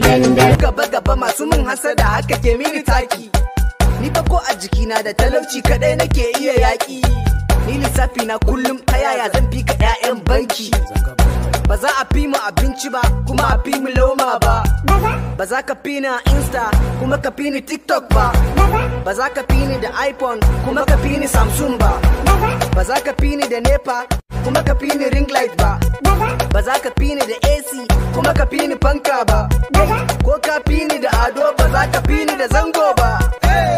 gaba gaba masu min hasada haka ke mini taki ni fa ko a jikina da talauci kadai nake iya yaki ni lissafi na kullum ta yaya zan fi ka 'ya'yan banki ba za a fi mu abinci ba kuma a fi mu lauma ba ba za ka fi ni a insta kuma ka fi ni tiktok ba ba za ka fi ni da iphone kuma ka fi ni samsung ba ba za ka fi ni da nepa kuma ka fi ni ring light ba AC kuma ka fi fanka ba ko ka fi da ado ba za ka fi ni da zango ba